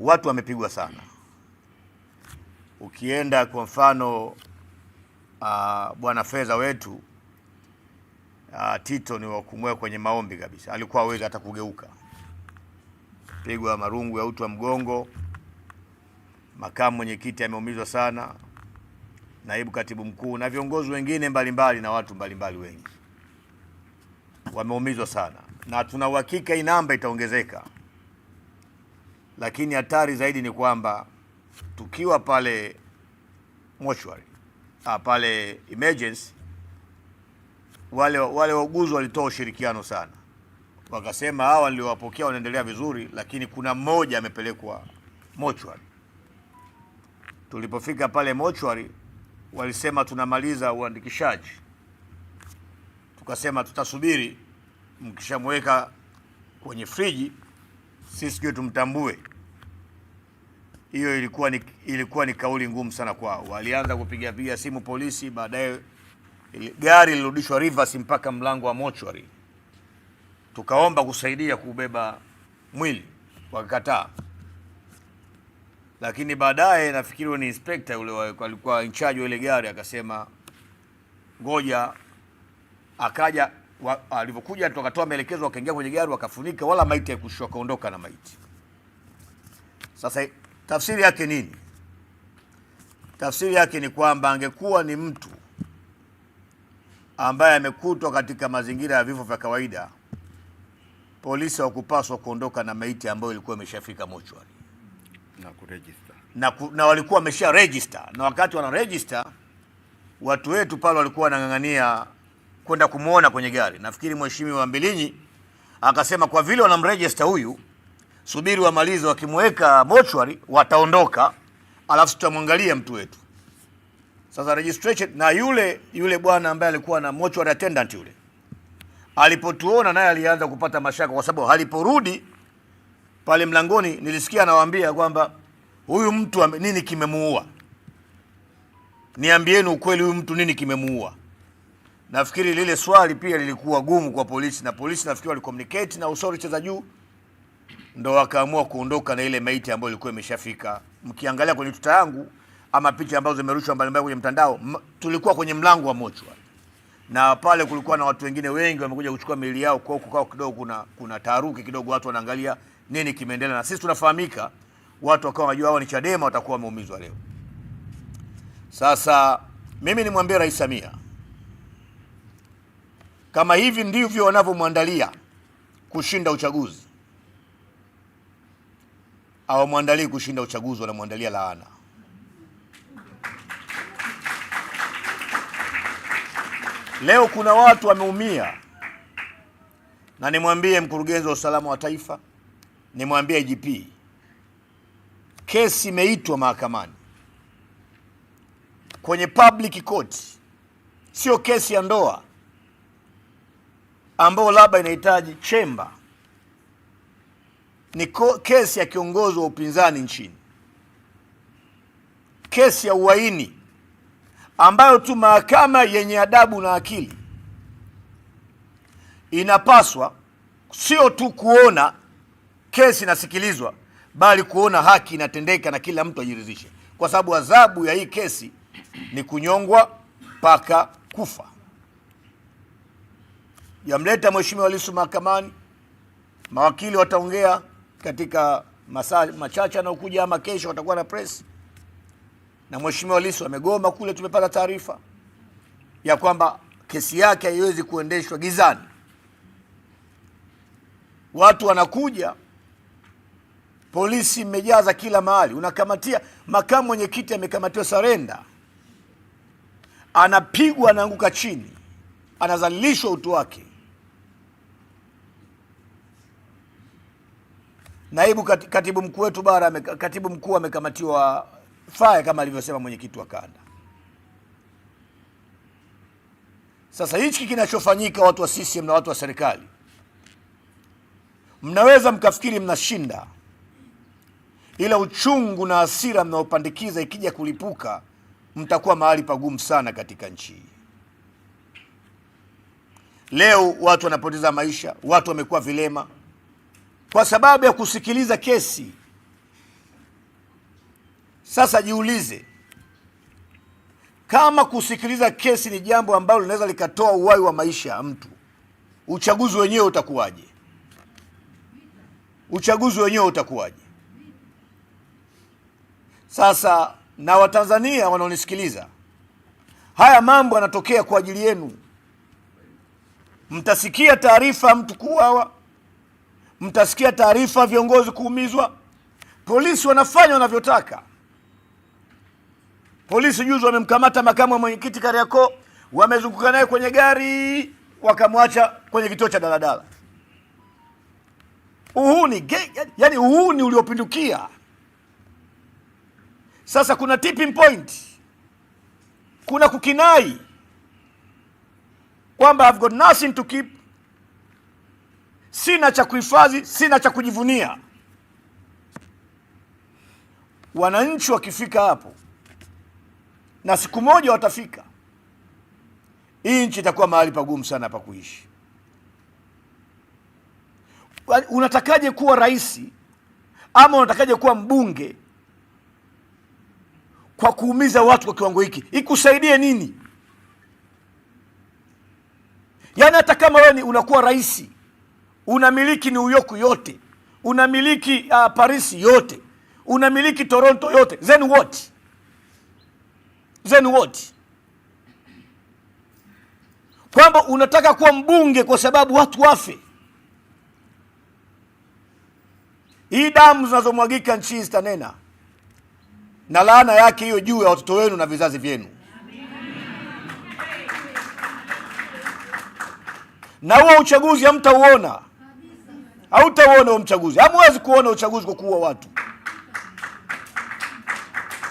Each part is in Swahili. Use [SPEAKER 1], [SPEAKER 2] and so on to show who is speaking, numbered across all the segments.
[SPEAKER 1] watu wamepigwa sana. Ukienda kwa mfano uh, bwana fedha wetu uh, Tito ni wakumwea kwenye maombi kabisa, alikuwa hawezi hata kugeuka, pigwa marungu ya uti wa mgongo. Makamu mwenyekiti ameumizwa sana, naibu katibu mkuu na viongozi wengine mbalimbali mbali, na watu mbalimbali mbali wengi wameumizwa sana, na tuna uhakika hii namba itaongezeka lakini hatari zaidi ni kwamba tukiwa pale mochwari ah, pale emergency, wale wale wauguzi walitoa ushirikiano sana, wakasema hawa niliowapokea wanaendelea vizuri, lakini kuna mmoja amepelekwa mochwari. Tulipofika pale mochwari, walisema tunamaliza uandikishaji, tukasema tutasubiri, mkishamweka kwenye friji sisi sijue tumtambue. Hiyo ilikuwa ni, ilikuwa ni kauli ngumu sana kwao. Walianza kupiga piga simu polisi, baadaye gari lilirudishwa reverse mpaka mlango wa mochwari, tukaomba kusaidia kubeba mwili wakakataa, lakini baadaye nafikiri ni inspector yule alikuwa in charge ile gari akasema ngoja, akaja walivyokuja tukatoa maelekezo, wakaingia kwenye gari wakafunika, wala maiti haikushusha, wakaondoka na maiti. Sasa tafsiri yake nini? Tafsiri yake ni kwamba angekuwa ni mtu ambaye amekutwa katika mazingira ya vifo vya kawaida, polisi hawakupaswa kuondoka na maiti ambayo ilikuwa imeshafika mochwari
[SPEAKER 2] na kuregister
[SPEAKER 1] na, ku, na walikuwa wamesha register, na wakati wana register watu wetu pale walikuwa wanang'ang'ania kwenda kumwona kwenye gari. Nafikiri mheshimiwa Mbilinyi akasema kwa vile wanamrejesta huyu, subiri wamalize, wakimweka mochwari wataondoka, alafu tutamwangalia mtu wetu. Sasa registration na yule yule bwana ambaye alikuwa na mochwari attendant yule alipotuona naye alianza kupata mashaka, kwa sababu aliporudi pale mlangoni nilisikia anawaambia kwamba huyu mtu nini kimemuua, niambieni ukweli, huyu mtu nini kimemuua? Nafikiri lile swali pia lilikuwa gumu kwa polisi, na polisi nafikiri walikomunicate na authority za juu, ndo wakaamua kuondoka na ile maiti ambayo ilikuwa imeshafika. Mkiangalia kwenye tuta yangu ama picha ambazo zimerushwa mbalimbali kwenye mtandao, tulikuwa kwenye mlango wa mochwa na pale kulikuwa na watu wengine wengi wamekuja kuchukua miili yao, kwa huko kwao kidogo kuna kuna taharuki kidogo, watu wanaangalia nini kimeendelea, na sisi tunafahamika, watu wakawa wanajua hao ni Chadema, watakuwa wameumizwa leo. Sasa mimi nimwambie Rais Samia kama hivi ndivyo wanavyomwandalia kushinda uchaguzi, awamwandalii kushinda uchaguzi, wanamwandalia laana. Leo kuna watu wameumia, na nimwambie mkurugenzi wa usalama wa taifa, nimwambie IGP, kesi imeitwa mahakamani kwenye public court, sio kesi ya ndoa ambayo labda inahitaji chemba ni kesi ya kiongozi wa upinzani nchini, kesi ya uhaini ambayo tu mahakama yenye adabu na akili inapaswa sio tu kuona kesi inasikilizwa, bali kuona haki inatendeka na kila mtu ajiridhishe, kwa sababu adhabu ya hii kesi ni kunyongwa mpaka kufa yamleta Mheshimiwa Lissu mahakamani. Mawakili wataongea katika masaa machache anaokuja, ama kesho watakuwa na press, na Mheshimiwa Lissu amegoma kule. Tumepata taarifa ya kwamba kesi yake haiwezi kuendeshwa gizani. Watu wanakuja, polisi mmejaza kila mahali, unakamatia. Makamu mwenyekiti amekamatiwa sarenda, anapigwa, anaanguka chini, anazalilishwa utu wake. naibu katibu mkuu wetu bara, katibu mkuu amekamatiwa faya kama alivyosema mwenyekiti wa kanda. Sasa hichi kinachofanyika, watu wa CCM na watu wa serikali, mnaweza mkafikiri mnashinda, ila uchungu na hasira mnaopandikiza ikija kulipuka, mtakuwa mahali pagumu sana katika nchi hii. Leo watu wanapoteza maisha, watu wamekuwa vilema kwa sababu ya kusikiliza kesi. Sasa jiulize, kama kusikiliza kesi ni jambo ambalo linaweza likatoa uhai wa maisha ya mtu, uchaguzi wenyewe utakuwaje? Uchaguzi wenyewe utakuwaje? Sasa na Watanzania wanaonisikiliza, haya mambo yanatokea kwa ajili yenu. Mtasikia taarifa mtu kuuawa, mtasikia taarifa viongozi kuumizwa. Polisi wanafanya wanavyotaka. Polisi juzi wamemkamata makamu wa mwenyekiti Kariakoo, wamezunguka naye kwenye gari wakamwacha kwenye kituo cha daladala. Uhuni yani, uhuni uliopindukia. Sasa kuna tipping point, kuna kukinai kwamba I've got nothing to keep sina cha kuhifadhi, sina cha kujivunia. Wananchi wakifika hapo, na siku moja watafika, hii nchi itakuwa mahali pagumu sana pa kuishi. Unatakaje kuwa rais ama unatakaje kuwa mbunge kwa kuumiza watu kwa kiwango hiki? Ikusaidie nini? Yaani hata kama wewe unakuwa rais unamiliki New York yote, unamiliki uh, Paris yote, unamiliki Toronto yote, then what? Then what? Kwamba unataka kuwa mbunge kwa sababu watu wafe? Hii damu zinazomwagika nchi zitanena na laana yake hiyo juu ya watoto wenu na vizazi vyenu. Na huo uchaguzi hamtauona hautauona mchaguzi Hamwezi kuona uchaguzi kwa kuua watu,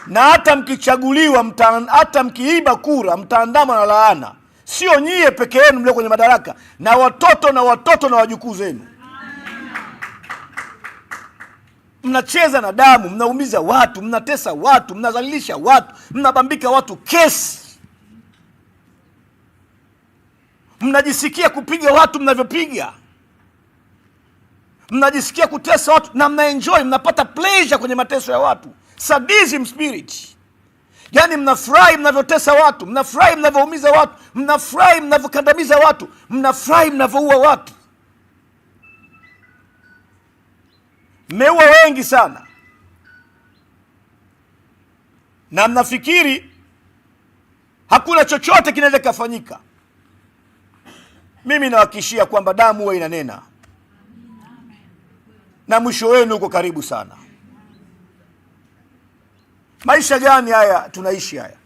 [SPEAKER 1] na hata mkichaguliwa mta, hata mkiiba kura mtaandama na laana, sio nyie peke yenu mlio kwenye madaraka, na watoto na watoto na wajukuu zenu. Mnacheza na damu, mnaumiza watu, mnatesa watu, mnazalilisha watu, mnabambika watu kesi mnajisikia kupiga watu mnavyopiga mnajisikia kutesa watu na mnaenjoy, mnapata pleasure kwenye mateso ya watu. Sadism spirit, Yani mnafurahi mnavyotesa watu, mnafurahi mnavyoumiza watu, mnafurahi mnavyokandamiza watu, mnafurahi mnavyoua watu. Mmeua wengi sana na mnafikiri hakuna chochote kinaweza kikafanyika. Mimi nawahakikishia kwamba damu huwa inanena na mwisho wenu uko karibu sana. Maisha gani haya tunaishi haya?